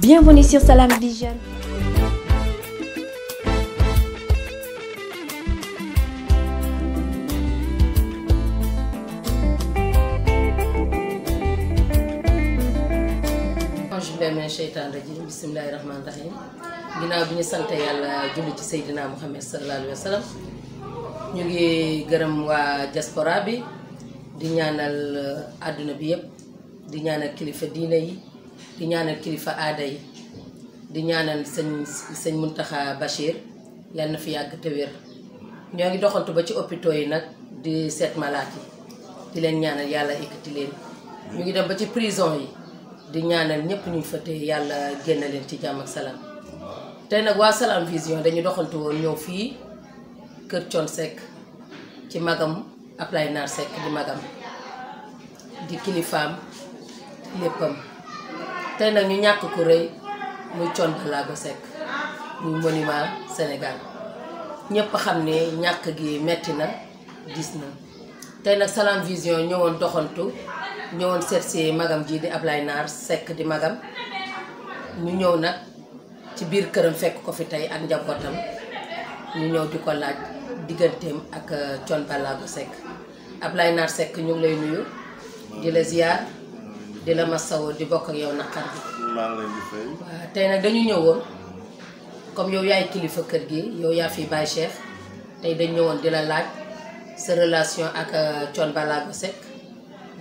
Bienvenue sur Salam bismillaahi rahmaani rahiim ginnaaw bi ñu sant yàlla julli ci Seydina Muhammad sallallaahu alayhi wa sallam ñu ngi gërëm waa diaspora bi di ñaanal euh, àdduna bi yëpp di ñaanal kilifa diine yi di ñaanal kilifa aada yi di ñaanal sëñ sëñ taxa Bachir yal na fi yàgg te ñoo ngi doxantu ba ci hôpitaux yi nag di seet malaat yi di leen ñaanal yàlla ekkati leen ñu ngi dem ba ci prison yi di ñaanal ñëpp ñu fa yàlla génn leen ci jàmm ak salaam tey nag waa Salam Vision dañu doxantu woon ñëw fii kër Thione Seck ci magam Ablaye Nar Seck di magam di kilifaam léppam tey nag ñu ñàkk ku rëy muy Thione Ballago Seck muy monument Sénégal ñëpp xam ne ñàkk gi metti na gis na tey nag Salam Vision ñëwoon doxantu ñëwoon seet si magam jii di Ablaye Naar sekk di magam ñu ñëw nag ci biir këram fekk ko fi tey ak njabootam ñu ñëw di ko laaj digganteem ak euh, Thione Ballago Seck lay Naar sekk ñu ngi lay nuyu di la ziar dina la masawoo di bokk ak naqar bi. maa tey nag dañu ñëwoon comme yow yaay kilifa kër gi yow yaa fi bàyyi chef tey dañ ñëwoon di la laaj sa relation ak euh, Thione Ballago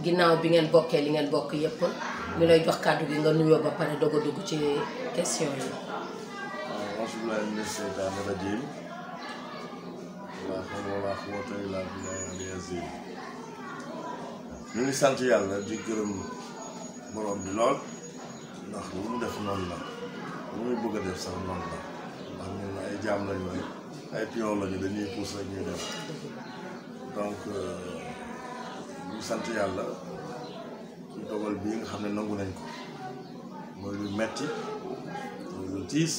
ginnaaw bi ngeen bokkee li ngeen bokk yépp ñu lay jox kàddu gi nga nuyoo ba pare doog a dugg ci question yi. waaw asalaamaaleykum ngi sant yàlla di gërëm. borom bi lool ndax lu mu def noonu la lu muy bëgg a def sax noonu la ndax ñun ay jaam lañu waaye ay pion lañu dañuy pousse rek ñuy def donc euh, ñu sant yàlla ci dogal xam ne nangu nañ ko mooy lu metti mooy lu tiis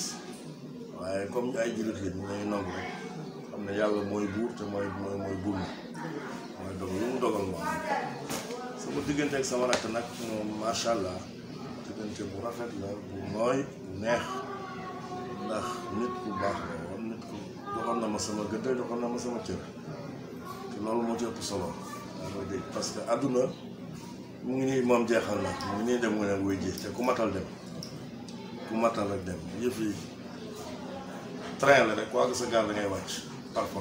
waaye comme ay jullit lañ ñu nañu yàlla mooy buur te lu mu dogal moom sama diggante ak sama nag moom allah diggante rafet la bu neex ndax nit na ma sama gëdd na ma sama loolu moo ci ëpp parce que àdduna mu ngi moom jeexal na mu ngi ku matal dem ku matal ak dem yëf yi la rek ku àgg sa gaal da wàcc par ku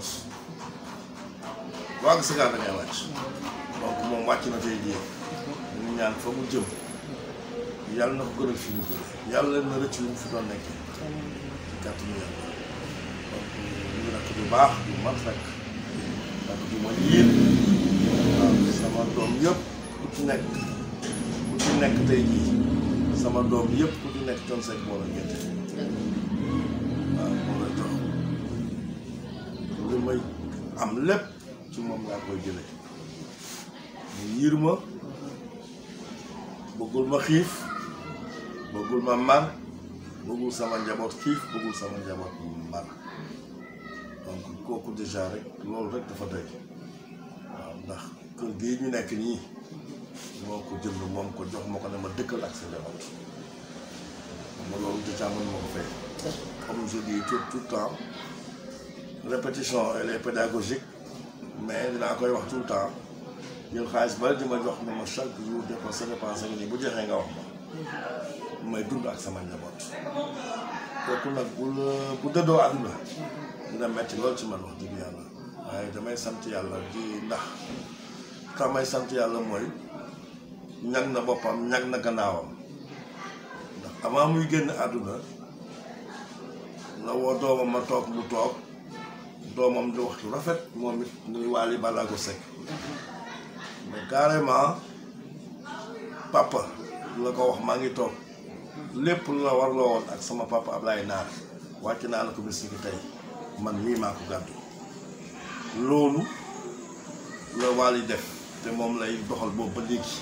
àgg sa gaal da wàcc donc moom wàcc na fee jéem ñu ñaan fa mu jëm yàlla na ko gënal fi mu jëm yàlla na rëcc lu mu fi doon nekkee ci kàttanu yàlla donc bu baax bu man rekk rakk bu doom yëpp ku ci nekk nekk tey jii sama doom yëpp ku ci nekk ton sec moo la gerte waaw moo la jox li may am lépp ci moom laa koy jëlee yiir ma bëggul ma xiif bëggul ma mar bëggul sama njaboot xiif bëggul sama njaboot mar donc kooku déjà rek loolu rek dafa doy waaw ndax kër gii ñu nekk nii moo ko jënd moom ko jox ma ko ne ma dëkkal ak sa njaboot ma loolu déjà mën ma ko fay comme je dis tout tout temps répétition elle pédagogique mais dinaa koy wax tout temps jël xaalis bari di ma jox ne ma chaque jour dépense sa dépense ngi nii bu jeexee nga wax ma may dund ak sama njaboot kooku nag bu bu dëddoo àdduna dina metti loolu ci man wax dëgg yàlla waaye damay sant yàlla di ndax tax may sant yàlla mooy ñag na boppam ñag na gannaawam ndax avant muy génn àdduna la woo doomam ma toog mu toog doomam di wax rafet moom it nuy Waly Balago Seck mais carrément papa la ko wax maa ngi toog lépp lu la warloo woon ak sama am Ablaye Naar wàcc naa la ko bis ni tey man mii maa ko gàddu loolu la Wally def te moom lay doxal boobu ba léegi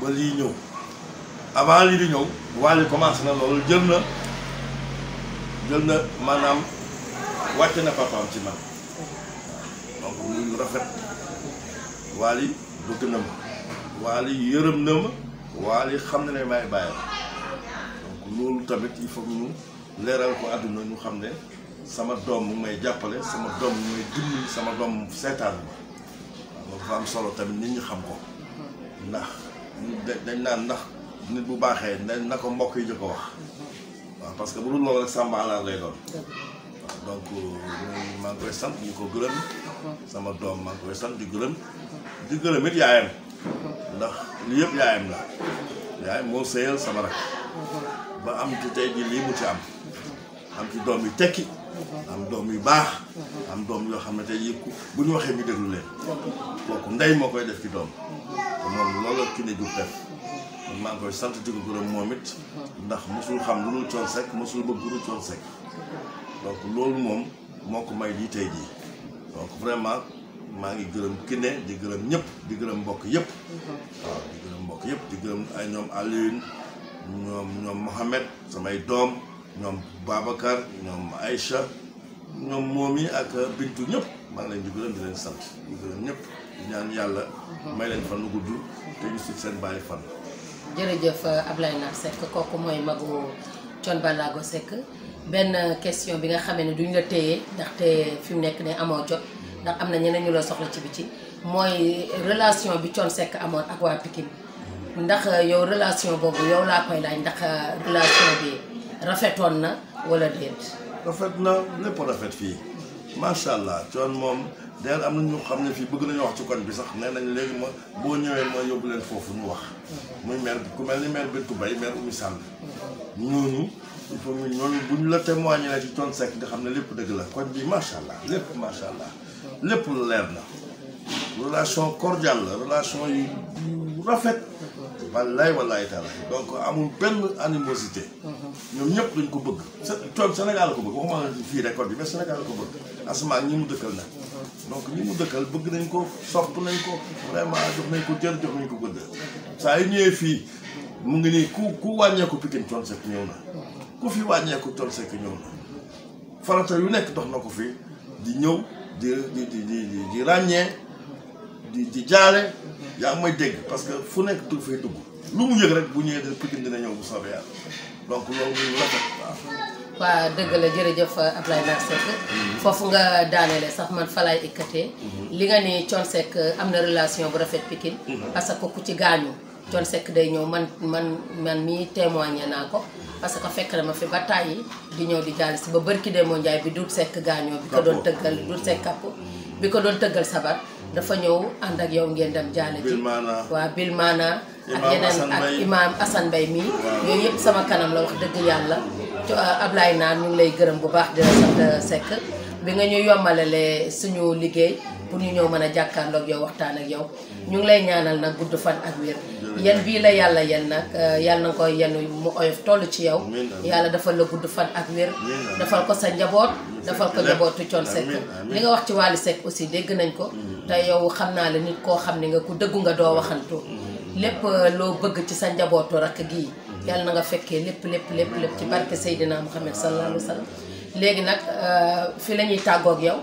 ba yi ñëw avant yi di ñëw Wally commencé na loolu jël na jël na maanaam wàcc na papaam ci man donc muy rafet Wally bëgg na ma Wally yërëm na ma Wally xam na ne maay bàyyi donc loolu tamit yi faut ñu leeral ko àdduna ñu xam ne sama doom mu may jàppale sama doom mu sama doom seetaan ma solo tamit nit xam ko ndax dañ naan ndax nit bu baaxee na ko mbokk yi ñu ko wax que bu dul loolu rek Samba alaar ñu euh, ko gërëm sama doom maa ngi di gërëm di gërëm it yaayam ndax li yëpp yaayam la yaayam moo sëyal sama rak ba am ci tey ji lii mu ci am am ci doom yi tekki am doom yu baax am doom yoo xam ne tey yëpp bu ñu waxee ñu déglu leen kooku ndey moo koy def ci doom moom loolu ki ne jur def maa ngi koy sant di ko gërëm moom ndax mosul xam lu dul Thione Seck loolu moom moo ko may lii tey jii donc vraiment maa ngi gërëm Kiné di gërëm ñëpp di gërëm mbokk yëpp mhm. waaw di gërëm mbokk yëpp di gërëm ay ñoom Alioune ñoom Mohamed samay doom ñoom Babacar ñoom Aïcha ñoom moom yi ak Bintu ñëpp maa ngi leen gërëm di sant di gërëm ñëpp di ñaan yàlla mhm. may leen fan lu gudd te ñu si seen bàyyi fan jërëjëf euh, Ablaye Nar Seck kooku mooy magu Thione Ballago benn question bi nga xamee ne duñ la téye ndaxte fi mu nekk ne amoo jot ndax am na ñeneen ñu la soxla ci bi ci mooy relation bi Thione Seck amoon ak waa Pikine ndax euh, yow relation boobu yow laa koy laaj ndax euh, relation bi rafetoon na wala déet. rafet na lépp rafet fii macha allah Thione moom d'ailleurs am na ñu xam ne fii bëgg nañu wax ci koñ bi sax nee nañ léegi ma boo ñëwee ma yóbbu leen foofu ñu wax. muy maire ku mel ni maire Bintou Mbaye maire Oumy Sall. ñooñu. il faut ñooñu bu ñu la témoigner ci Thione Seck nga xam ne lépp dëgg la koñ bi macha allah lépp macha allah. lépp lu leer la relation cordiale la relation yu rafet wallaay wallaay taala donc amul benn animosité ñoom ñëpp dañ ko bëgg coon Sénégal la ko bëgg waxuma fii récolte bi mais Sénégal la ko bëgg asamaan ñi mu dëkkal nag donc ñi mu dëkkal bëgg nañ ko sopp nañ ko vraiment jox nañ ko jël jox nañ ko gëdd saa yi ñëwee fii mu ngi nii ku ku wàññeeku Pikine Thione Seck ñëw na ku fii wàññeeku Thione Seck ñëw na farata yu nekk dox na ko fii di ñëw di di di di di ràññee di di jaale yaa may dégg parce que fu nekk dugg fay dugg lu mu yëg rek bu ñëwee dina Pikine dina ñëw bu soobee yàlla donc loolu lu waaw. waaw dëgg la jërëjëf Ablaye Nar Seck mhm. foofu nga daaneele sax man falaay ikkatee mhm. li nga ni Thione Seck am na relation bu rafet Pikine mhm. parce que ku ci gaañu. Thione Seck day ñëw man man man mii témoigné naa ko parce que fekk na ma fi ba tàyyi di ñëw di jàll si ba ki bërki moo Njaay bi Doudou sekk gaañoo bi ko doon tëggal Doudou Seck bi ko doon tëggal sabar dafa ñëw ànd ak yow ngeen dem jaale ji waa bil maana ak yeneen ak imaam Assane Mbaye mii yooyu yëpp sama kanam la wax dëgg yàlla ah, Ablaye naan ñu ngi lay gërëm bu baax di la euh, bi nga ñu yombalale suñu liggéey pour ñu ñëw mën a jàkkaarloog yow waxtaan ak yow ñu ngi lay ñaanal nag gudd fan ak wér yan bii la yàlla yan nag euh, yàlla na ko yenu mu oyof tollu ci yow yàlla defal la gudd fan ak wér defal ko sa njaboot defal ko njabootu Thione Seck li nga wax ci Wally Seck aussi dégg nañ ko mm-hmm. te yow xam naa la nit koo xam ne nga ko dëggu nga doo waxantu mm-hmm. lépp euh, loo bëgg ci sa njabootu rakk gii mm-hmm. yàlla na nga fekkee lépp lépp lépp lépp ci barke Seydina mu xamee alayhi wa sallam léegi nag euh, fi la ñuy tàggoog yow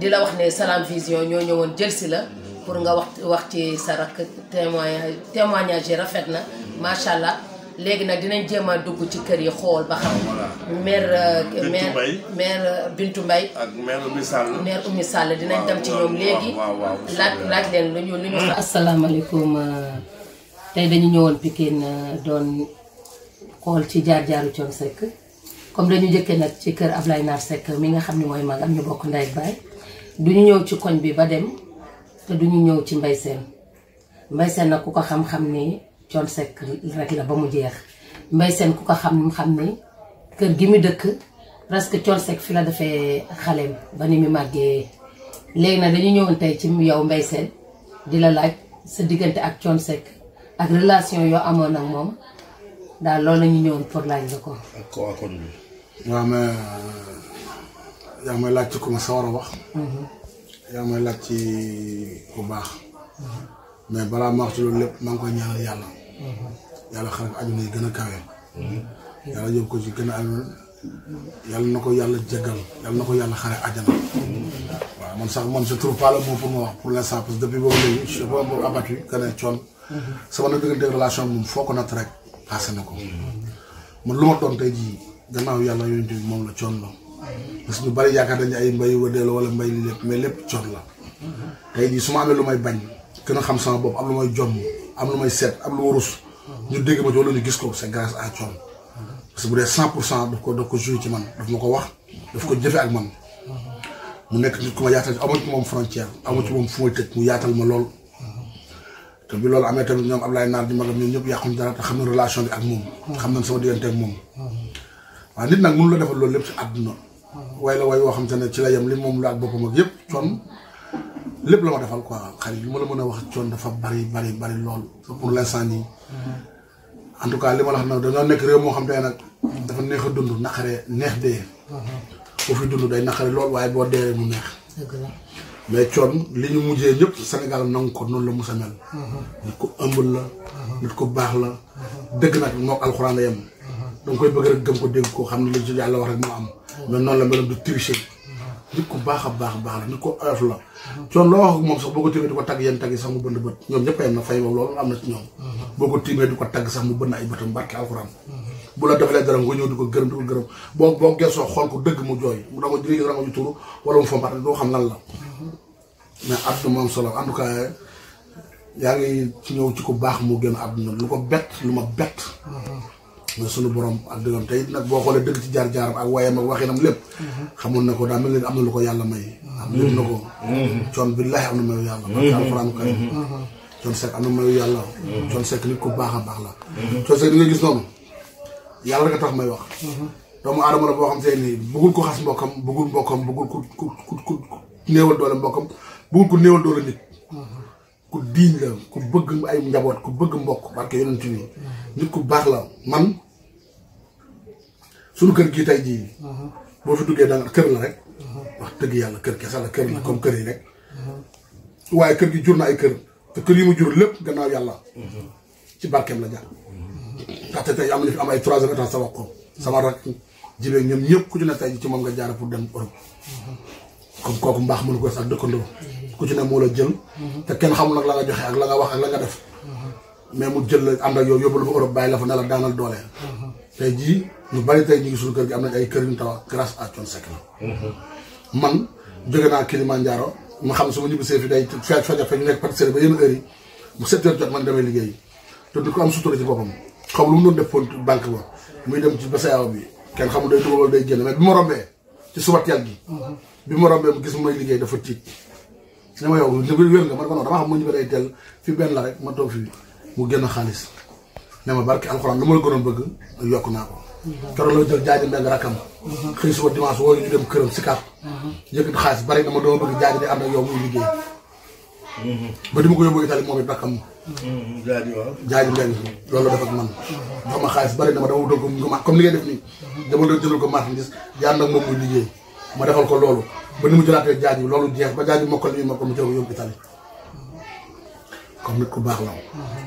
di la wax ne Salam Vision ñoo ñëwoon jël si la pour nga wax wax ci sa rakk témoignage témoignage yi rafet na macha allah léegi nag dinañ jéem a dugg ci kër yi xool ba xam. maire maire maire Bintu Mbaye. ak maire dinañ dem ci ñoom léegi. laaj laaj leen lu ñu lu ñu. Mm. asalaamaaleykum euh, tey dañu ñëwoon Pikine euh, doon xool ci jaar-jaaru Thione sekk comme dañu njëkkee nag ci kër Ablaye Nar sekk mi nga xam ni mooy magam ñu bokk ndey ak baay du ñu ñëw ci koñ bi ba dem. te duñu ñëw ci mbay seen seen nag ku ko xam-xam ni Thione Seck rek la ba mu jeex mbay seen ku ko xam-xam ni kër gi mu dëkk presque Thione Seck fi la defee xaleem ba ni mu màggee léegi nag dañu ñëwoon tey ci yow mbay seen di la laaj sa diggante ak Thione ak relation yow amoon ak moom daal loolu la ñu ñëwoon pour laaj la ko. ak ko ak kon bi. yaa yaa ma laaj ci ku ma sawar a wax. Mm-hmm. yaa may laaj ci bu baax mais balaa ma wax ci loolu lépp maa ngi koy ñaanal yàlla yàlla xaral ko àjjana yi gën a kawe yàlla yóbbu ko ci gën a àjjana yàlla na ko yàlla jéggal yàlla na ko yàlla xare àjjana waaw man sax man je trouve pas le mot pour ma wax pour l'instant parce que depuis boobu léegi je suis boobu abattu que ne coon sama na diggante relation moom foo ko natt rek passé na ko man lu ma doon tey jii gannaaw yàlla yonent bi moom la coon la parce que ñu bari yaakaar nañu ay mbay wëddeel wala mbay li lépp mais lépp coot la tey jii su ma amee lu may bañ gën a xam sama bopp am lu may jomm am lu may seet am lu ma rus ñu dégg ma ci wala gis ko c'est grâce à dee cent pour cent ko daf ci man daf ma ko wax daf ko jëfe ak man mu nekk nit ku ma moom frontière amu ci mu yaatal ma lool te loolu amee tamit ñoom Ablaye Naar di ñëpp yàquñ dara xam na relation bi ak moom xam ne sama diggante ak moom waaw nit nag mënu la defal loolu lépp ci àdduna way la way woo xam te ne ci la yem li moom la ak boppam ak yëpp coon mhm. lépp la ma defal quoi xarit li ma la mën a wax coon dafa bari bari bari lool pour l'instant nii mhm. tout cas li ma la wax nag dañoo nekk réew moo xam te ne nag dafa neex a dund naqare neex dee boo mhm. fi dund day naqare lool waaye boo dee mu neex mais coon li ñu mujjee ñëpp Sénégal nangu ko noonu la musa mel nit ko ëmbal la nit ko baax la dëgg nag mook alxuraan la yem danga koy bëgg rek gëm ko la meloon du tricher. nit ku baax baax a baax la nit la. coon loo wax ak moom sax boo ko tiimee di ko tagg yenn tagg yi sax mu bënd bët ñoom ñëpp a yem na fay boobu loolu am na ci ñoom. boo ko tiimee di ko tagg sax mu bënd ay loo barke alxuraan. bu la defalee dara nga ñëw di ko gërëm di ko ko dëgg mu jooy mu dama jëlee dama ju tuuru wala xam lan la. mais àdduna mu am solo en yaa ngi ñëw ci ku baax mu gën àdduna lu ko bett lu ma bett mooy sunu borom ak dëggam tey nag boo xoolee dëgg ci jaar-jaaram ak wayam ak waxinam lépp xamoon na ko daa mel ne am na lu ko yàlla may am lépp na ko coon billaahi am na mayu yàlla barka alxuraan karim coon sekk am na nit ku baax a baax la coon sekk di nga gis yàlla rek may wax doomu aadama la boo ni bëggul ko xas mbokkam bëggul mbokkam bëggul ku ku ku ku néewal doole mbokkam bëggul ku néewal doole nit ku diiñ la ku bëgg ay njaboot ku bëgg mbokk barke yonent bi nit ku baax la man suñu kër gi tey jii uh-huh. boo fi duggee da nga kër la rek uh-huh. wax dëgg yàlla kër kese la kër la comme uh-huh. kër yi rek waaye kër gi jur na ay kër te kër yi mu jur lépp gannaaw yàlla ci barkeem la jaar ndaxte am na am ay trois heures état ko sama rak jibee ñoom ñëpp ku ci ne tey ci moom nga jaara pour dem Europe comme kooku mbaax mënu ko sax dëkkandoo ku moo la jël te kenn xamul la nga joxe ak la nga wax ak la nga def mais mu jël la ànd ak yow yóbbu la fa Europe bàyyi la fa ne daanal doole tey jii lu bari tey ñu ngi suñu kër gi am na ay kër yu ñu tabax grâce à Thione Seck la man jóge naa Kilimanjaro ma xam su ma fi day fekk fajar fekk nekk pâtisserie ba yenn heure yi bu sept jot man damay liggéey te di ko am sutura ci boppam xaw lu mu doon def pont banque ba muy dem ci basayaaw bi kenn xamul day dugal day génn mais bi ma rombee ci suba teel gi bi ma rombee mu gis may liggéey dafa tiit ne ma yow wér nga man ko dama xam ñu ñibbi day teel fi benn la rek ma toog fi mu génn xaalis ne ma barke alxuraan lu ma la gënoon bëgg yokk naa ko keroog la jël jaaji benn rakam. xëy suba dimanche woo bari na ma dama bëgg jaaji di ànd ak yow muy liggéey. ba di ma ko yóbbu Itali moom it rakkam. jaaji waaw jaaji benn loolu la def ak bari na ma dama wutal ko nga comme li ngay nii. dama doon jëlal ko marchandise di ànd ak moom muy liggéey. ma defal ko loolu ba ni mu jëlaatee jaaji bi loolu jeex ba jaaji mokkal li ma ko mu jël ko yóbbu Itali. comme nit ku baax la.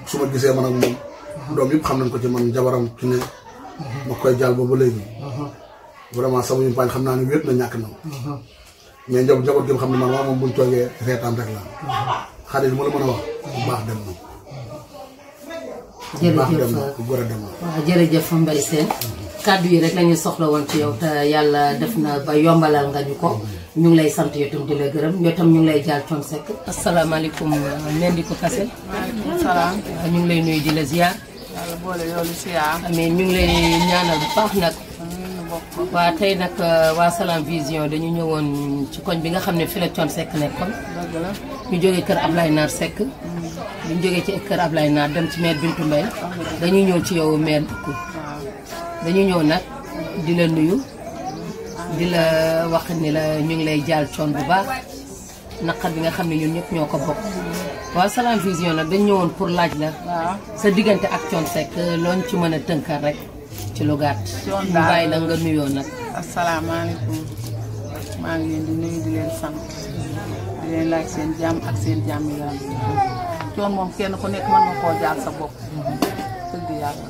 su ma gisee man ak moom. doom yëpp xam nañ ko ci man jabaram ci ne ma koy jaal boobu léegi. Uh-huh. vraiment sama ñu paañ xam naa ne wéet na ñàkk na ma. Uh-huh. mais njaboot njaboot gi xam ne man moom bu ñu toogee reetaan rek la uh-huh. xarit mu la mën a wax bu baax dem na. jërëjëf Mbaye Sène kàddu yi rek lañuy soxla woon ci yow te yàlla def na ba yombalal nga ñu ko ñu ngi lay sant yow itam di la gërëm ñoo tam ñu ngi lay jaal coon sekk asalaamaaleykum Ndéndickou Kassé ñu ngi lay nuyu di la ziar yàlla boole ñu ngi leen ñaanal bu baax nag. waa tey nag euh, waa Salam Vision dañu ñëwoon ci koñ bi nga xam ne fi la Thione Seck nekkoon. ñu jógee kër ab Ablaye Naar Seck. Mm. ñu jógee ci ab lay Naar dem ci meer Bintu Mbaye dañuy ñëw ci yow maire dëkku. dañu ñëw nag di la nuyu. di la wax ni la ñu ngi lay jaal coon bu baax. naqar bi nga xam ne ñun ñëpp ñoo ko bokk. waaw Salam nag dañ ñëwoon pour laaj la. sa diggante ak Thione Seck euh, looñ ci mën a tënkal rek ci lu gàtt. ñu bàyyi la nga nuyoo nag. asalaamaaleykum maa ngi leen di nuyu di leen sant di leen laaj seen jàmm ak seen jàmm yaram Thione moom kenn ku nekk mën nga koo jaar sa bopp. dëgg yàlla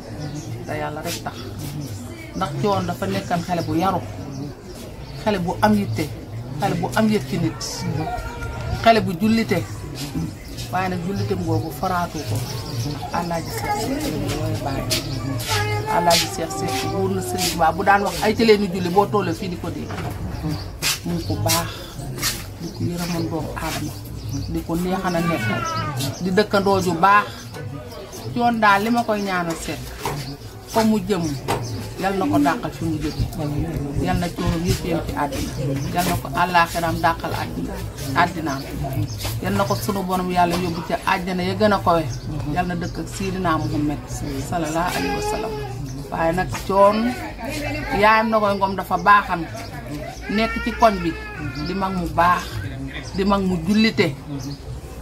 te yàlla rek tax ndax Thione dafa nekkan xale bu yaru xale bu am yitte xale bu am yëg ci nit xale bu jullite. waaye nag jullitam googu faraatu ko alaaji seex seex mooy bàyyi alaaji seex seex bu daan wax ay ca leen julli boo toolee fii di ko dégg mu ko baax di ko yërëmoon doomu aadama di ko neexan a nekkal di dëkkandoo ju baax coon daal li ma koy ñaanal seet fa mu jëm yal na ko dàqal fi mu jóge yal na coono yëpp ci àddina yal na ko àllaaxiraam dàqal àddina àddinaam yal na ko sunu borom yàlla yóbbu ca àjjana ya gën a kowe yal na dëkk ak Seydina Muhammad sallallahu alayhi wa waaye nag coon yaayam na koy ngoom dafa baaxam nekk ci koñ bi di mag mu baax di mag mu jullite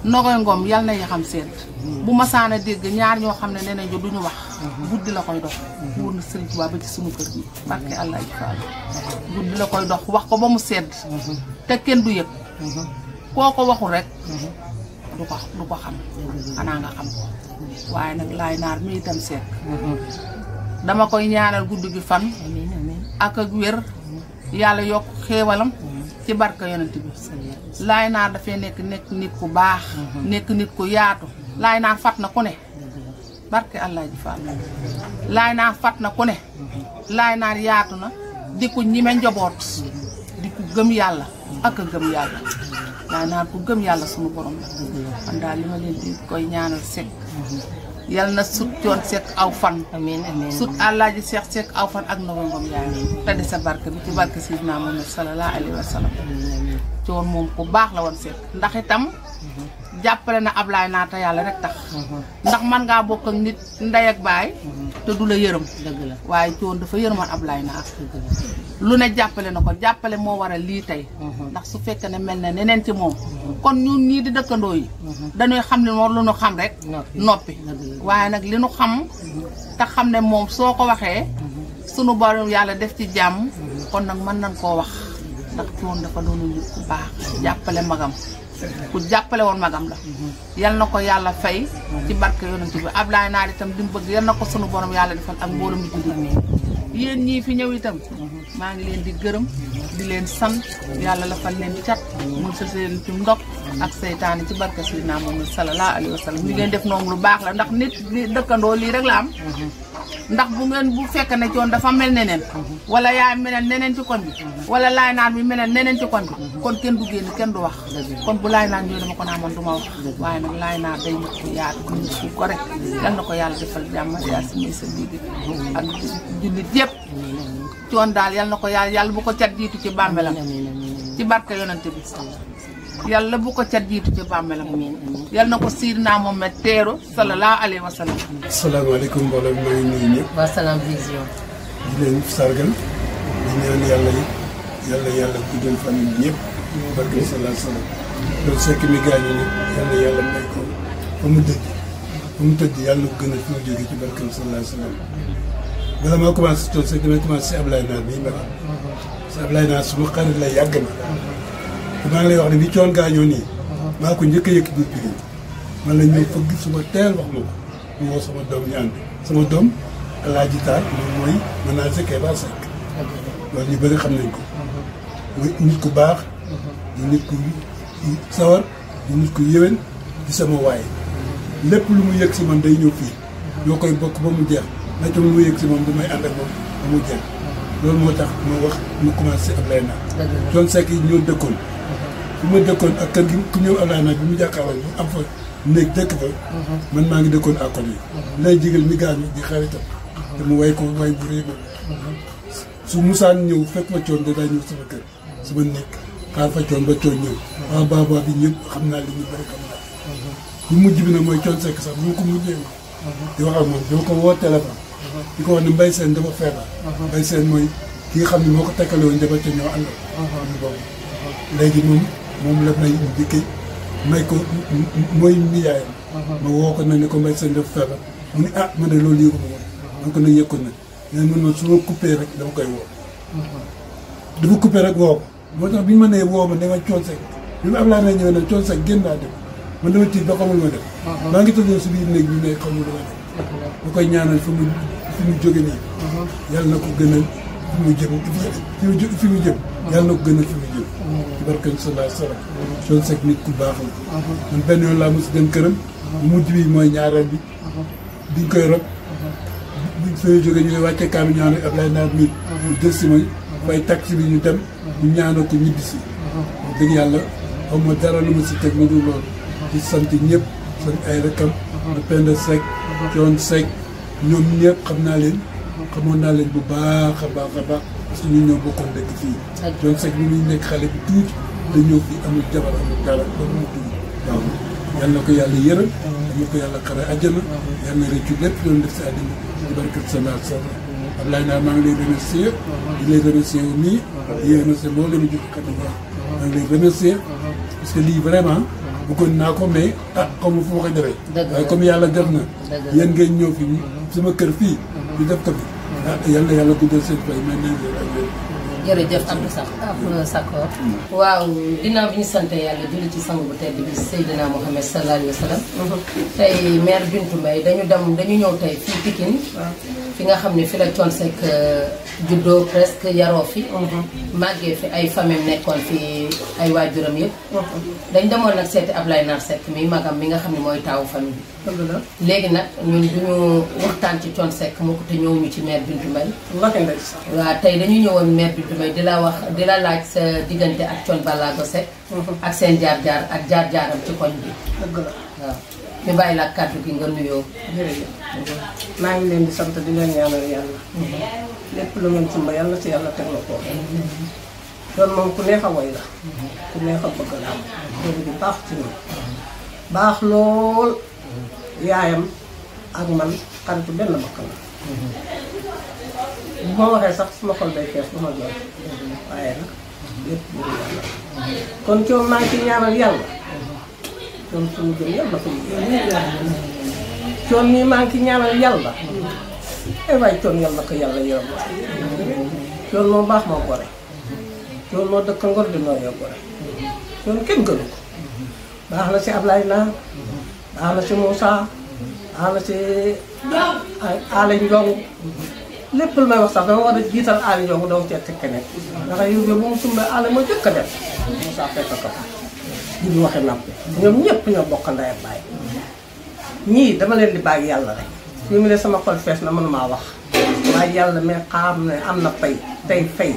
Nogoy Ngom yal nañu xam seen bu masaana dégg ñaar ñoo xam ne nee nañu duñu wax guddi la koy dox wóor Sëriñ Tuubaa ba kër gi barke Allah ji faal guddi la koy dox wax ko ba mu sedd te kenn du yëg koo ko waxul rek du ko xam xanaa nga xam ko waaye nag laay naar mi itam seet dama koy ñaanal guddi gi fan ak ak wér yàlla yokk xéewalam ci barke yonent bi laay naar dafay nekk nekk nit ku baax nekk nit ku yaatu laay naar fat na ku ne barke allah ji laay naar fat na ku laay naar yaatu na di ko ñime njoboot di ko gëm yàlla ak a gëm yàlla laay naar ku gëm yàlla sunu borom la man li ma leen di koy ñaanal sekk yal na sut coon sekk aw fan sut àllaaji seex sekk aw fan ak ndogongom yaa te di sa barke bi ci barke Seydina Muhammad sallallahu alayhi wa sallam coon moom ku baax la woon sekk ndaxitam itam mhm. jàppale na ab naa naata yàlla rek tax. ndax man ngaa bokk ak nit ndey ak baay. te du la yërëm. dëgg la waaye coon dafa yërëmoon Ablaye naa. lu ne jàppale na ko jàppale moo waral lii tey. Mhm. ndax su fekkee ne mel na neneen ci moom. kon ñun ñii di dëkkandoo yi. Mhm. dañuy xam ne moom lu xam rek. nag li xam. te ne moom soo ko waxee. Mhm. sunu borom yàlla def ci jàmm. kon nag mën nañ koo wax. ndax coon dafa doon nit baax jàppale magam. ku jàppalewoon magam la yal na ko yàlla fay ci barke yonent bi Ablaye Naar itam li mu bëgg yal na ko sunu borom yàlla defal ak mboolum bi jullit nii yéen ñii fi ñëw itam maa ngi leen di gërëm di leen san yàlla lafal leen cat mun sa leen ci ndox ak seytaane ci barke Seydina Muhammad sallallahu alayhi wa sallam li def noonu lu baax la ndax nit li dëkkandoo lii rek la am ndax bu ngeen bu fekk ne coon dafa mel neneen wala yaay mel neneen ci koñ bi wala laay naan bi mel neneen ci koñ bi kon kenn du génn kenn du wax kon bu laay naan ñëw dama ko naa man du wax waaye nag laay naan day nit ku yaatu nit ko rek yal na ko yàlla defal jàmm yaa si muy sa biir ak jullit yëpp coon daal yal na ko yàlla yàlla bu ko cat jiitu ci bàmmeelam ci barke yonante bi yàlla bu ko cat jiitu ci bàmmeelam yàlla na ko siir naa moom ma teeru sallallahu alayhi wa sallam asalaamaaleykum mbooloo mi ngi nuyu Vision di yàlla yàlla yàlla guddal fan yi ñëpp barke sallallahu alayhi wa sallam loolu sekk mi gaañu ni yàlla yàlla may ko ba mu dëj ba mu tëdd yàlla na ko gën a fi mu jóge ci barke sallallahu alayhi wa sallam bala maa commencé toog si Ablaye Naar bii ma xarit la yàgg na maa ngi lay wax ne bi coon gaañoo nii. Uh-huh. maa ko njëkk a yëkk biir jigéen man la ñu fëgg suma teel wax ma ko moo sama doom ñu ànd sama doom Alaaji Taar moom mooy manager naa Seck loolu ñu bëri xam nañ ko uh-huh. ku baax uh-huh. di nit ku sawar di nit ku yéwén di sama waay lépp lu mu yëg si man day ñëw fii ñoo koy bokk ba mu jeex na lu mu yëg si moom damay ànd ak moom ba mu jeex loolu moo tax mu wax mu commencé ab lay naa coon Seck ñoo dëkkoon bi ma dëkkoon ak kër gi ku ñëw alaana bi mu jàkkaarloo ñu am fa néeg dëkk mhm. man maa ngi dëkkoon à côté mhm. lay mi gaañu di xaritam mhm. te mu way ko way bu rëy su musaan ñëw fekk ma coon dadaa ñëw sama kër sama nekk xaar ba coon ñëw xam naa li ñu bëri xam mooy coon sekk sax bu ma ko mujjee di wax ak moom dama ko woo téléphone di ko wax ne bay seen dafa feebar mbay seen mooy ki nga xam ne moo ko tekkale woon jabar ca ñoo ànd léegi moom moom la may dikki may ko mooy nijaayam uh-huh. ma woo ko nag ne ko may seen def feebar mu ne ah man de loolu yëgu ma ko na yëg ko nag man man su ma coupé rek dama koy woo uh-huh. dafa coupé rek woo ko moo tax bi ñu nee woo ma ne ma coon sec bi ma Ablaye na ñëw nag coon sec génn naa dem man dama tiit uh-huh. si biir néeg bi ne xamul ma def ma koy ñaanal fi mu fi mu jóge nii yàlla na ko gënal fi mu jëm fi mu jëm yàlla na ko gënal fi mu jëm barke sallallahu alayhi wa sallam. nit ku baax la. man benn yoon laa mos dem këram. bu mujj bi mooy ñaareel bi. biñ koy rob. buñ fay jógee ñu ngi wàccee kaam ñu naan Ablaye Naar mu jël bi ñu dem. ñu ñaanal ko yàlla xaw ma dara lu ma si teg ma dul loolu. di sant ñëpp sant ay rakam. ma Penda Seck. Thione Seck ñoom ñëpp xam naa leen. xamoon naa leen bu baax a baax a baax. parce que ñun ñoo bokkoon dëkk fii. ak John bi mi ngi nekk xale bu tuuti. te ñëw fii amul jabar amul dara ba mu dugg. waaw yal na ko yàlla yërëm. yal yàlla xare àjjana. yal na rëccu lépp doon def si àddina. di maa ngi lay remercier. di lay remercier wu mii. di leen jóg lii vraiment. bëggoon naa ko mais ah comme fu ma ko defee. yàlla def na. yéen ngeen ñëw fi sama kër fii. ñu def ko yàlla yàlla guddal seen fay may nañ leen ak leen. jërëjëf Abdou sax Abdou Sakor waaw ginnaaw bi ñu sant yàlla julli ci sang bu tedd bi Seydina Mouhamed sallallahu alayhi wa sallam. Mhm. tey mère Bintou Mbaye dañu dem dañu ñëw tey fii Pikine. fi nga xam ne fi la Thione Seck euh, juddoo presque yaroo fi. Mhm. màggee fi ay famille nekkoon fi ay waajuram yëpp. Mhm. dañ demoon nag seeti Ablaye Nar Seck mi magam mi nga xam ne mooy taawu famille bi. léegi nag ñun duñu waxtaan ci Thione Seck mu ko te ñëwuñu ci mère Bintou Mbaye. waaw tey dañu ñëwoon mère Bintou Mbaye di la wax di la laaj sa diggante ak Thione Ballago Seck. Mhm. ak seen jaar-jaar ak jaar-jaaram ci koñ bi. dëgg la waaw ñu bàyyi la kàddu gi nga nuyoo. maa ngi leen di sant di leen ñaanal yàlla. lépp lu ngeen sumba yàlla si yàlla teg la ko. moom ku neex a woy la. ku neex bëgg la baax ci ñun. yaayam ak man xaritu benn bakk la. bu ma waxee sax suma xol day fees bu ma jooy. waaye nag lépp lu yàlla. kon coono maa ngi ciy ñaanal yàlla. kon suñu jëm yàlla ko mu coon mii maa ngi ci ñaanal yàlla ay eh, waay coon yàlla ko yàlla yor ma coon moo baax moo gore coon moo dëkk ngor di noo yoo gore coon kenn gënu baax na si Ablaye Naar baax na si Moussa baax na si Aly Ndiong lépp lu may wax sax dama war a jiital Aly Ndiong doo cee teg keneen ndax yóbbee moom sumbe Aly ma jëkk a def Moussa fekk ko fa ñu waxi ñoom ñëpp ñoo bokk ndey ak ñii dama leen di baag yàlla rek fi mu ne sama xol fees na mënumaa wax waaye yàlla mais xaam ne am na fay tey fay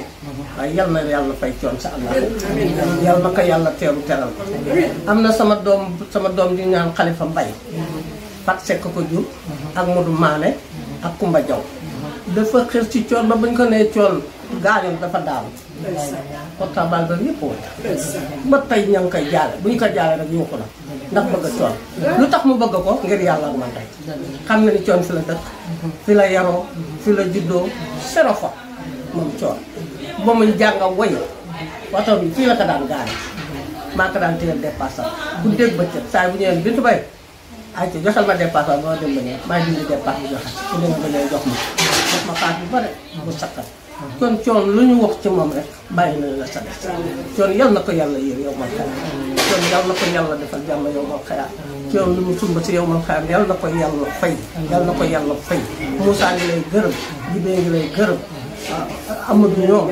waaye yal na yàlla fay coon sa allah yàlla na ko yàlla teeru teral am na sama doom sama doom di ñaan xalifa mbay fat sekk ko jur ak Modou Maane ak Kumba Jaw dafa xër ci coon ba buñ ko nee coon gaañoon dafa daal portable ba yëpp woon ba tey ña ngi koy jaale bu ñu ko jaale rek yuuxu la ndax bëgg a coon lu tax mu bëgg ko ngir yàlla ak man tey xam na ni coon fi la dëkk fi la yaroo fi la juddoo sero fa moom coon ba muy jànga woy waxtaan bi fii la ko daan gaañe maa ko daan téyel dépassam bu dégg bëccëg saa bu ñëwee bintu bay ay ci joxal ma dépassam boo dem ba ñëw maa dindi dépasse bi joxe bu dem ba ñëw jox ma jox ma paas bu bare bu sakkan kon coon lu ñu wax ci moom rek bàyyi nañu la sa def coon yal na ko yalla yéen yow man xayaat coon yal na ko yàlla defal jàmm yow man xayaat coon lu mu sumba si yow man xayaat yal na ko yàlla fay yal na ko yàlla fay Moussa ngi lay gërëm Amadou ñoom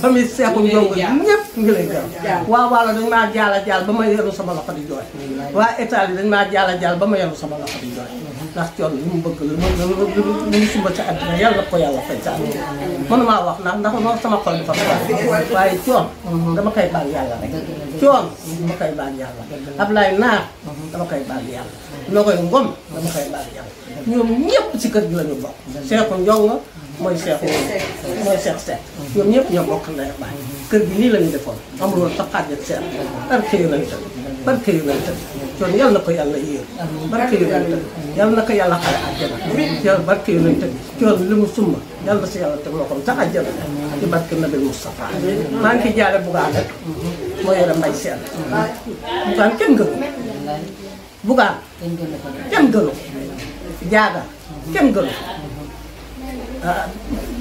famille Seck ñoom ñëpp ngi lay gërëm waa Waalo dañ maa jaala jaal ba ma yaru sama loxo di jooy waa Italie maa jaala jaal ba ma yaru sama loxo di jooy ndax coono li mu bëgg lu mu lu mu sumba ci àddina yàlla ko yàlla fay sa mënumaa wax ndax ndax sama xol dafa fa waaye coon koy baal yàlla rek coon dama koy baal yàlla Ablaye Naar dama koy baal yàlla Nogoy Ngom dama koy baal yàlla ñoom ñëpp ci kër gi la ñu bokk Seck mooy Cheikh mooy Cheikh Seck ñoom ñëpp ñoo bokk ndey ak baay kër gi nii la ñu defoon amul woon sax xaajal seet barke yonente barke yonente kon yal na ko yàlla yéer barke yonente yal na ko yàlla xare àjjana yàlla barke yonente coon li mu summa yal na si yàlla teg loxoom sax àjjana ci barke nabi Moustapha maa ngi jaale bugaa rek moo yore mbay seen bugaan kenn gënu bugaan kenn gënu jaaga kenn gënu ah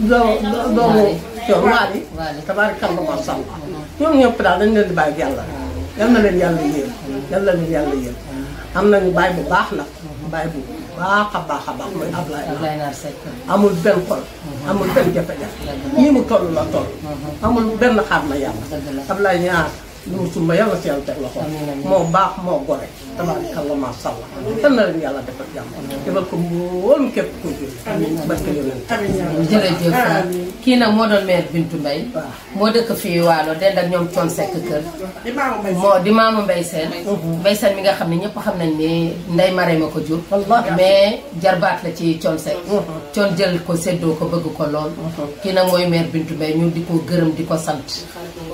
doomu doomu yow waali tabaarkalla maa sha Allah ñoom ñëpp daal dañ leen di bàyyi yàlla yal na leen yàlla yéen yal na leen yàlla yéen am nañu bàyyi bu baax nag bàyyi bu baax a baax a baax mooy Ablaye Naar Seck amul benn xol amul benn jafe-jafe ñii mu toll la toll amul benn xaar ma yàlla Ablaye Naar lu mu sumba yàlla si yàlla teg loxo moo baax moo gore tabarakallah ma sha Allah yal na ko mboolem képp ku jóg barke kii nag moo doon meer Bintu Mbaye moo dëkk fii Waalo dend ak ñoom Thione Seck kër moo di maamu Mbaye Sène mhm. Mbaye Sène mi nga xam ne ñëpp xam nañ ni Ndeye Marème ko jur mais jarbaat la ci Thione Seck mhm. Thione jël ko séddoo ko bëgg ko lool mhm. kii nag mooy maire Bintu Mbaye ñu di ko gërëm di ko sant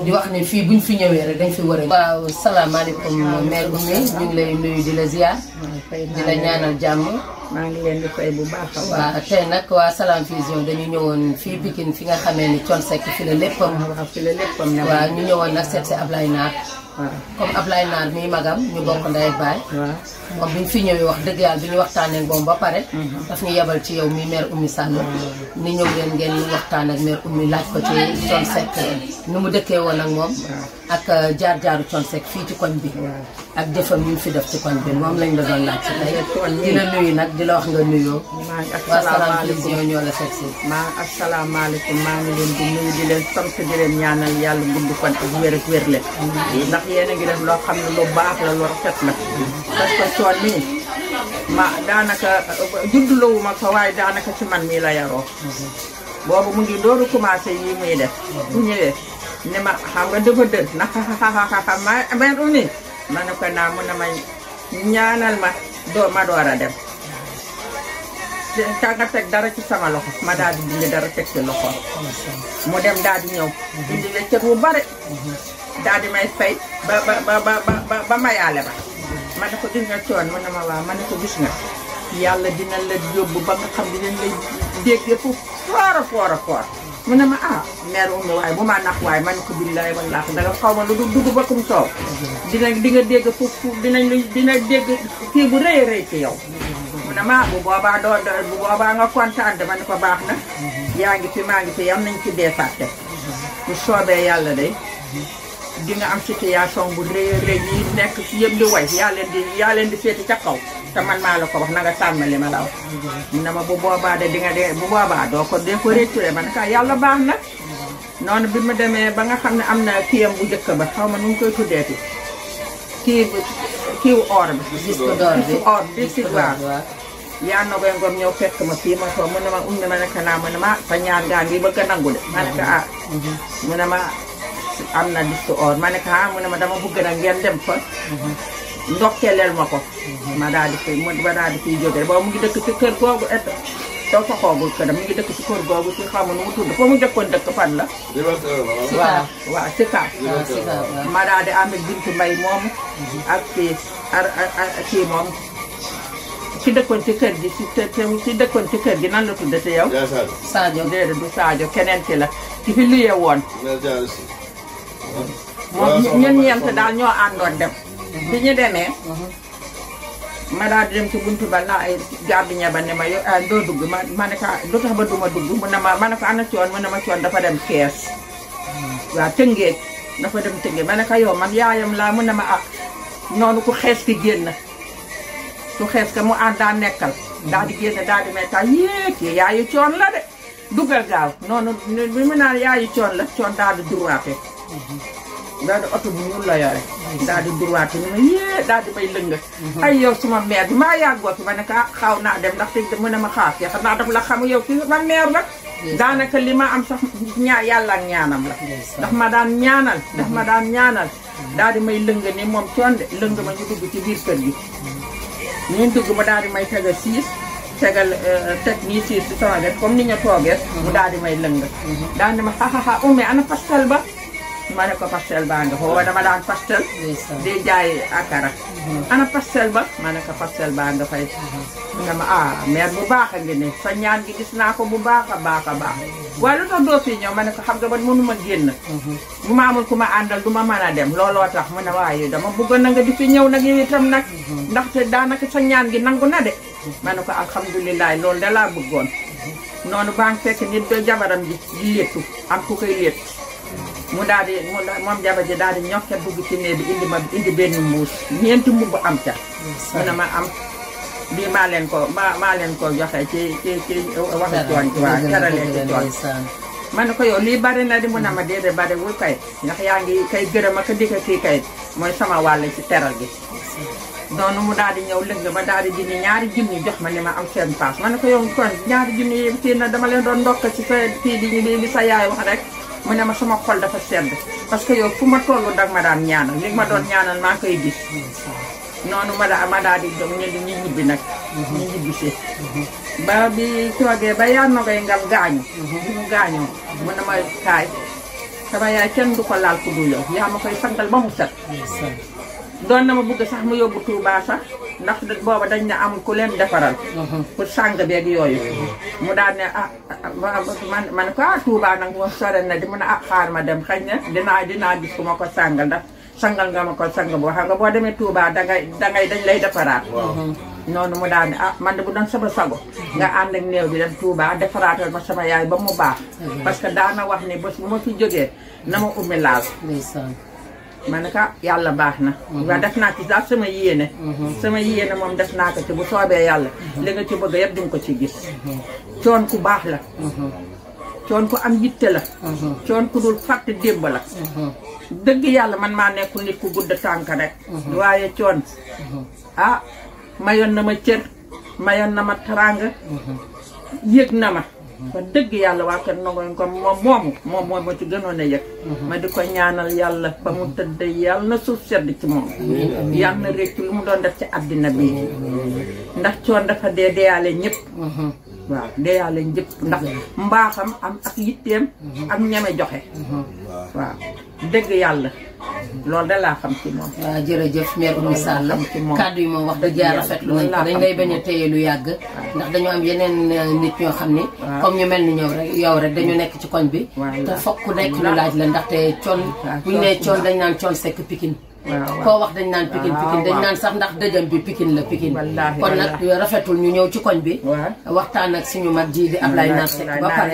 di wax ne fii buñ fi ñëwee rek dañ fi war a waaw salaamaaleykum maire Oumy ñu lay lay nuyu di la ziar. di la ñaanal jàmm. maa ngi leen bu baax a baax. nag waa Salam Vision dañu ñëwoon fii Pikine fi nga xamee ni Thione Seck fi la léppam. Ah, waaw fi ñu ñëwoon nag seet si Ablaye Naar. comme Ablaye Naar mii magam ñu bokk ndey ak baay. moom bi ñu fi ñëwee wax dëgg yàlla bi ñu waxtaanee moom ba pare. Mhm. daf ñu yebal ci yow mi mère Oumy Sall. ni ñëw leen ngeen waxtaan ak mère Oumy laaj ko ci Thione Seck nu mu dëkkee woon ak moom. ak euh, jaar-jaaru Thione Seck fii ci koñ bi. ak jëfam yi fi def ci koñ bi moom lañ la doon laaj si la nuyu nag di la wax nga nuyoo. waa Salam Vision ñoo la seet si. maa ak salaamaaleykum maa ngi leen di nuyu di leen sant di leen ñaanal yàlla gudd kon ak wér yéen a ngi loo xam ne lu baax la lu rafet la parce que soon mii ma daanaka judduloowu ma ko waaye daanaka ci man mii la yaroo boobu mu ngi dooru commencé yi muy def bu ñëwee ne ma xam nga dafa dël ndax xaxaxaxa ma mère uni ma ne ko naa mun na ma ñaanal ma doo ma door a dem ka nga teg dara ci sama loxo ma daal di dindi dara teg ci loxo mu dem daal di ñëw indi la cër bu bare daal di may fay ba ba ba ba ba mayaale ba ma ne ko gis nga coon mu ma waa ma ne ko gis nga yàlla dina la yóbbu ba nga xam ne dinañ lay dégg fu foor a foor a foor mu ne ma ah mère ummi waaye bu ma nax waaye ma ne ko billaay wallaahi da nga xaw ma lu dugg ba kum soow dina di nga dégg fu fu dinañ dina dégg kii bu rëy rëy ci yow mu ne ma ah, bu boobaa doo bu boobaa nga kontaan dama ne ko baax na yaa ngi fi maa ngi fi yam nañ ci dee fàtte bu soobee yàlla day di nga am situation bu rëy rëy yi nekk ci yëpp di way yaa leen di yaa leen di féete ca kaw te man maa la ko wax na nga tànn li ma la am mu ne ma bu boobaa de di nga de bu boobaa doo ko dee ko récturé man ka yàlla baax na noonu bi mu demee ba nga xam ne am na kiyam bu njëkk ba xaw ma nu koy tuddeeti kii kiiw or bi disque d'or bi or disque yaa na koy ngoom ñëw fekk ma fii ma toog mu ne ma um ma nekk naa mu a ma ah, sa ñaan ngaa ngi bëgg a nangu de ah. mm-hmm. ma nekk ma am na liste or ma ne ko ah ne ma dama bëgg nag ngeen dem fa. ndokkeeleel ma ko. ma daal di koy ma daal mu ngi dëkk ci kër googu et taw fa xoogul këram mu ngi dëkk ci kër googu ci xaw ma nu mu tudd fa mu dëkk fan la. waaw waaw Sika. ma daal di ànd ak Bintu Mbay moomu. ak kii ar kii moom. ci dëkkoon ci kër gi ci ci dëkkoon ci kër gi nan la tuddati yow. Sadio déedéet du Sadio keneen ki la ki fi luyee woon. moom ñun ñeent daal ñoo àndoon dem. bi ñu demee. ma daal di dem ci bunt ba na ay jàpp ñebe ne ma yow ah, doo dugg ma ma ne ah, lu tax ba du dugg mu na ma ma ne ko ana coon mu ne ma coon dafa dem Cees. waaw tëngéej dafa dem tëngéej ma ne ko yow man yaayam laa mu ne ma ah noonu ku xees ki génn ku xees ka mu ànd daa nekkal. daal di génn daal di may taal yéeg yaayu coon la de. dugal gaaw noonu bi mu naan yaayu coon la coon daal di duraate daal di oto bu ñuul la yore. daal di droite ni ma yee daal di may lëng. ay suma mère bi maa yàggoo ma ne ah xaaw naa dem ndax te mu ne ma xaar ya xam naa daf la xam yow fi ma mère la. daana li ma am sax ñaa yàlla ak ñaanam la. ndax ma daan ñaanal ndax ma mm-hmm. daan ñaanal. Mm-hmm. daal di may lëng ni moom coon de lëng ma ñu dugg ci biir kër gi. Mm-hmm. ñun dugg ma daal di may tegal siis tegal euh, teg nii siis si sama def ni ñu toogee. mu daal may lëng. daal ma xaaxaaxa ume ana pastel ba. ma ne ko pastel baa nga foofu dama daan pastel. di jaay akara. Mhm. ana pastel ba ma ne ko pastel baa nga fay. Mhm. nga ma ah mère bu baax a ngi ne sa ñaan gi gis naa ko bu baax a baax a baax. waaye lu tax doo fi ñëw ma ne ko xam nga man mënu génn. Mhm. bu ma ku ma àndal du ma mën a dem looloo tax mu ne waaye dama bëggoon na nga di fi ñëw nag yow itam nag. ndaxte daanaka sa ñaan gi nangu na de. ma ne ko alhamdulilah loolu da laa bëggoon. noonu baa ngi fekk nit do jabaram ji di léttu am ku koy létt. mu daal di mu moom jabar ji daal di ñox ca dugg ci néeg bi indi ma indi benn mbuus ñeenti mbubb am ca mu ne ma am lii maa leen ko maa maa leen ko joxe ci ci ci waxu cooñ waa terale ci cooñ ma ne ko yow lii bari na di mu ma déedéet bari wul kay ndax yaa ngi kay gërëm ak di ko kii kay mooy sama wàll ci teral gi noonu mu daal di ñëw lëng ba daal di dindi ñaari jox ma ni am seen paas ma ne ko yow kon ñaari junni yi na dama leen doon ndokk ci sa kii di li sa yaay wax rek mu ne ma sama xol dafa sedd parce que yow fu ma tollu dag ma daan ñaana li ma ñaana ñaanal maa koy gis noonu ma daa ma daa di doom ñu ñibbi nag ñu ñibbi si ba bi toogee ba yaa nogay ngam gaañu bi mu ne ma kaay sama yaay kenn du ko laal ku du yow yaa ma koy sangal ba mu set doon na ma bugg sax mu yóbbu tuubaa sax ndax booba dañ ne am ku leen defaral. Uh-huh. pour sàng beeg yooyu. Uh-huh. mu daal ne ah, ah, ah man man ko ah Touba nag moom sore na di mun a ah ma dem xëy na dinaa dinaa gis ku ma ko sàngal ndax sangal nga ma ko sang boo xam nga boo demee Touba dangay dangay dañ lay defaraat. Uh-huh. noonu mu daal ah man de bu doon sama sago. nga ànd ak bi dem tuubaa defaraatal ma sama yaay ba mu baax. parce que daana wax ne bés bu ma fi jógee na ma ummi laal. ma ne ka yàlla baax na. Mhm. waaw def naa ci daal sama yéene. Mhm. sama yéene moom def naa ko ci bu soobee yàlla. Mhm. li nga ci bëgg yëpp di nga ko ci gis. coon ku baax la. coon ku am yitte la. coon ku dul fàtte démb la. dëgg yàlla man maa nekkul nit ku gudd tànk rek. waaye coon ah mayoon na ma cër mayoon na ma teraanga. yëg na ma. fa dëgg yàlla waa kër Ndongo Ngom comme moom moom moom moo ci gënoon a yëg mhm. ma di ko ñaanal yàlla ba mu tëdd yàlla na suuf sedd ci moom yàlla na réccu lu mu doon def ci àddina bi ndax coon dafa dee deeyaale ñëpp mhm. waaw yàlla lañ jëpp ndax mbaaxam am ak yitteem ak ñeme joxe waaw dëgg yàlla loolu da laa xam ci moom waaw jërëjëf mère Oumou Sall kàddu yi moom wax dëgg yàlla rafetlu nañ ko dañ lay bañ a téye lu yàgg ndax dañu am yeneen eh, nit ñoo xam ni comme ñu mel ni ñëw rek yow rek dañu nekk ci koñ bi te fokk nekk lu laaj la ndaxte coon buñ nee coon dañ naan coon sekk pikin koo wax dañ naan pikin ah, pikin dañ naan sax ndax dëjëm bi pikin la pikin kon nag rafetul ñu ñëw ci koñ bi waxtaan ak suñu mag ji di Ablaye Nar Seck ba pare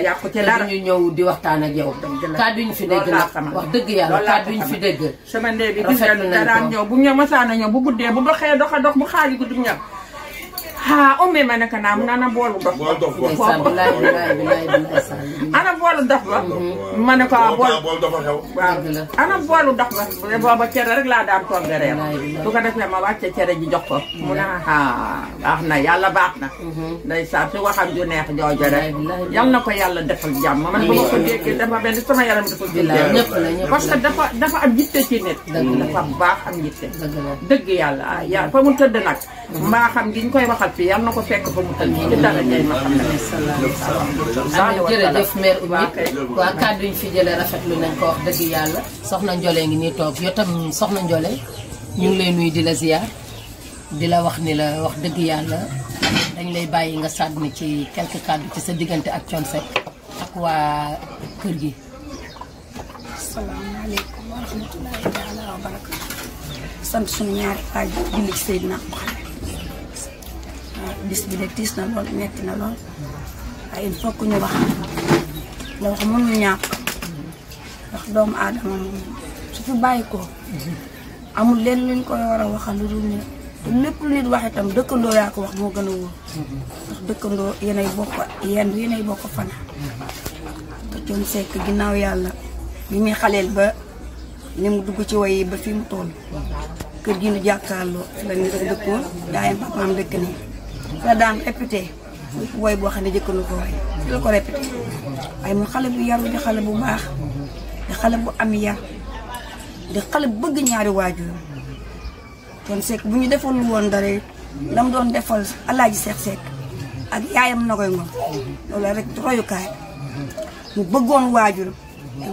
ñu ñëw di waxtaan ak yow kàddu ñu fi dégg nag wax dëgg yàlla kàddu ñu fi dégg sama ndey bi gis nga daan ñëw bu ñëw masaana ñëw bu guddee bu doxee doxa dox bu xaali guddi ñëw ha ma ne na kana mun ana bolu ba ana bolu dof ba ma ne ko ah, bolu dof ba ana bolu dof ba booba cere rek laa daan togga reer ko defee ma wàcce cere ji jox ko mu ne ha baax na yàlla baax na mhm. ndeysaan si waxam ju neex jooju rek yal na ko yàlla defal jàmm man bu ma ko déggee dafa benn sama yaram dafa gën parce que dafa dafa am yitte ci nit dafa baax am yitte dëgg yàlla ah yàlla fa mu tëdd nag mhm. mbaa xam ñu koy waxal fi yal na ko fekk ba mu ëllëg ci dara jay xam ne salaamaaleykum. jërëjëf mère waa kàddu yi ñu fi jëlee rafetlu nañ ko wax dëgg yàlla. soxna Ndiolé ngi nii toog yow tam soxna Ndiolé ñu ngi lay nuyu di la ziar di la wax ni la wax dëgg yàlla dañ lay bàyyi nga sànni ci quelques kàddu ci sa diggante ak Thione Seck ak waa kër gi. salaamaaleykum wa rahmatulahi taala wa barakatu sant suñu ñaari pàcc julli ci Seydina bis bi de tiis na lool metti na lool waaye il faut que ñu wax la wax mënul ñàkk ndax doomu aadama moom su fi bàyyi ko amul leen luñ koy war a waxal lu dul ne lépp nit wax itam dëkkandoo yaa ko wax moo gën a wóor ndax dëkkandoo yenay bokk yenn yenay bokk fana te Thione Seck ginnaaw yàlla bi muy xaleel ba ni mu dugg ci wayi ba fi mu toll kër gi nu jàkkaarloo fi la ñu dëkkoon yaayam papaam dëkk nii nga daan répété woy boo xam ne jëkkalu ko woy la ko répété waaye mu xale bu yaru di xale bu baax di xale bu am yar di xale bëgg ñaari waajur kon Seck bu ñu defal woon dara la mu doon defal alaaji Seck Seck ak yaayam na koy moom loolu rek royukaay mu bëggoon waajur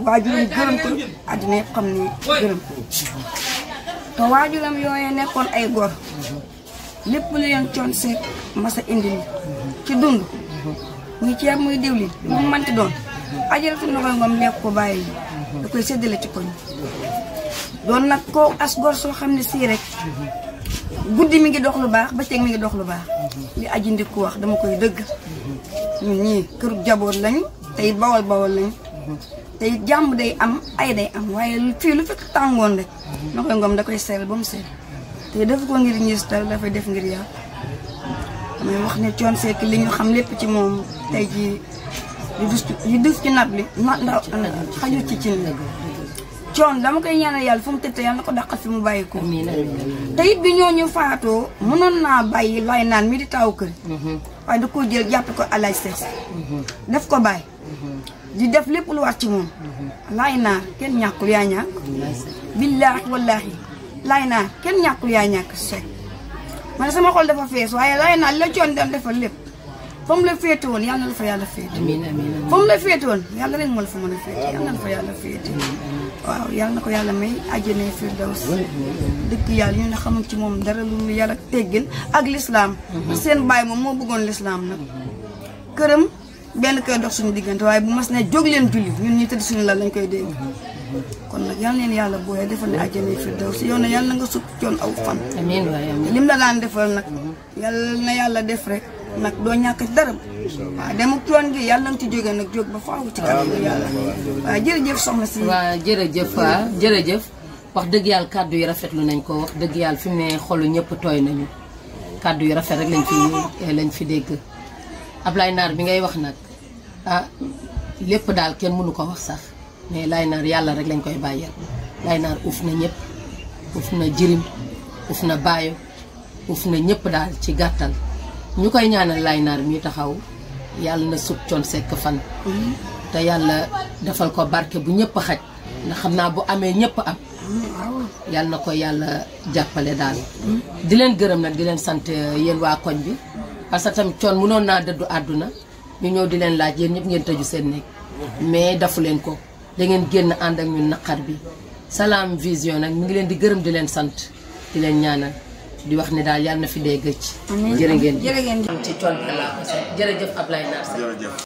waajuram gërëm ko àddina yëpp xam ne gërëm ko te waajuram yooyu nekkoon ay gor lépp lu leen coon seet masa indil ci dund muy ceeb muy diwlin mu manti doon ajaratu na koy ngoom lekk ko bàyyi da koy séddale ci koñ doon nag koo as soo xam ne sii rek guddi mi ngi dox lu baax bëccëg mi ngi dox lu baax li aji ndikku wax dama koy dëgg ñun ñii këru jaboot lañu tey bawal bawal lañu tey jàmm day am ay day am waaye fii lu fekk tàngoon rek na koy ngoom da koy seel ba mu seel te def ko ngir ngistal dafa def ngir yàlla damay wax ne Thione Seck li ñu xam lépp ci moom tay jii yu dus ci nab li na ndaw xajut ci cin la Thione dama koy ñaanal yàlla fu mu tëdd yàlla na ko dàqal fi mu bàyyi ko te bi ñoo ñu faatoo mënoon naa bàyyi lay naan mi di taw kër mhm. waaye da koo jël jàpp ko alaaj sees mhm. def ko bàyyi mhm. di def lépp lu war ci moom lay naar kenn ñàkkul yaa ñàkk billaahi wallaahi lay naa kenn ñàkkul yaa ñàkk si man sama xol dafa fees waaye lay naa li la coon doon defal lépp fa mu la féete woon yàlla na la yàlla féete. amiin amiin amiin fa la féete woon yàlla rek moo la fa mën yàlla na la fa yàlla féete. waaw na ko yàlla may àjjana firdaws dëkk yàlla ñu ne xamul ci moom dara lu yar ak teggin ak lislaam mhm. seen baay moom moo bëggoon lislaam nag këram benn kër dox suñu diggante waaye bu mas ne jóg leen julli ñun ñu tëdd suñu la lañ koy dégg mhm. kon nag yal neen yàlla booyee defal ni ne àjjana firdawsi yow na yal na nga sut coon aw fan amiin lim la daan defal nag yal na yàlla def rek nag doo ñàkk ci dara waaw dem coon gi yàlla nga ci jóge nag jóg ba faaw ci kanam yàlla waaw jërëjëf soxna si waaw jërëjëf jërëjëf wax dëgg yàlla kàddu yi rafetlu nañ ko wax dëgg yàlla fi mu ne xolu ñëpp tooy nañu kàddu yu rafet rek lañ fi lañ fi dégg Ablaye Naar bi ngay wax nag ah lépp daal kenn mënu ko wax sax mais laay naar yàlla rek lañ koy bàyyeel laay naar uf na ñëpp uf na jirim uf na baayo uf na ñëpp daal ci gàttal ñu koy ñaanal laay naar mi taxaw yàlla na sub coon sekk fan te yàlla defal ko barke bu ñëpp xaj ndax xam naa bu amee ñëpp am yàlla na ko yàlla jàppale daal di leen gërëm nag di leen sant uh, yéen waa koñ bi parce que tam coon mënoon naa dëddu àdduna ñu ñëw di leen laaj yéen ñëpp ngeen tëju seen néeg mais dafu leen ko da ngeen génn ànd ak ñun naqar bi Salam Vision nag mi ngi leen di gërëm di leen sant di leen ñaanal di wax ne daal yàlla na fi dee gëcc. jërë ngeen jëf jërë ngeen jëf. ci tool bi laa ko jërëjëf Ablaye Nar Seck.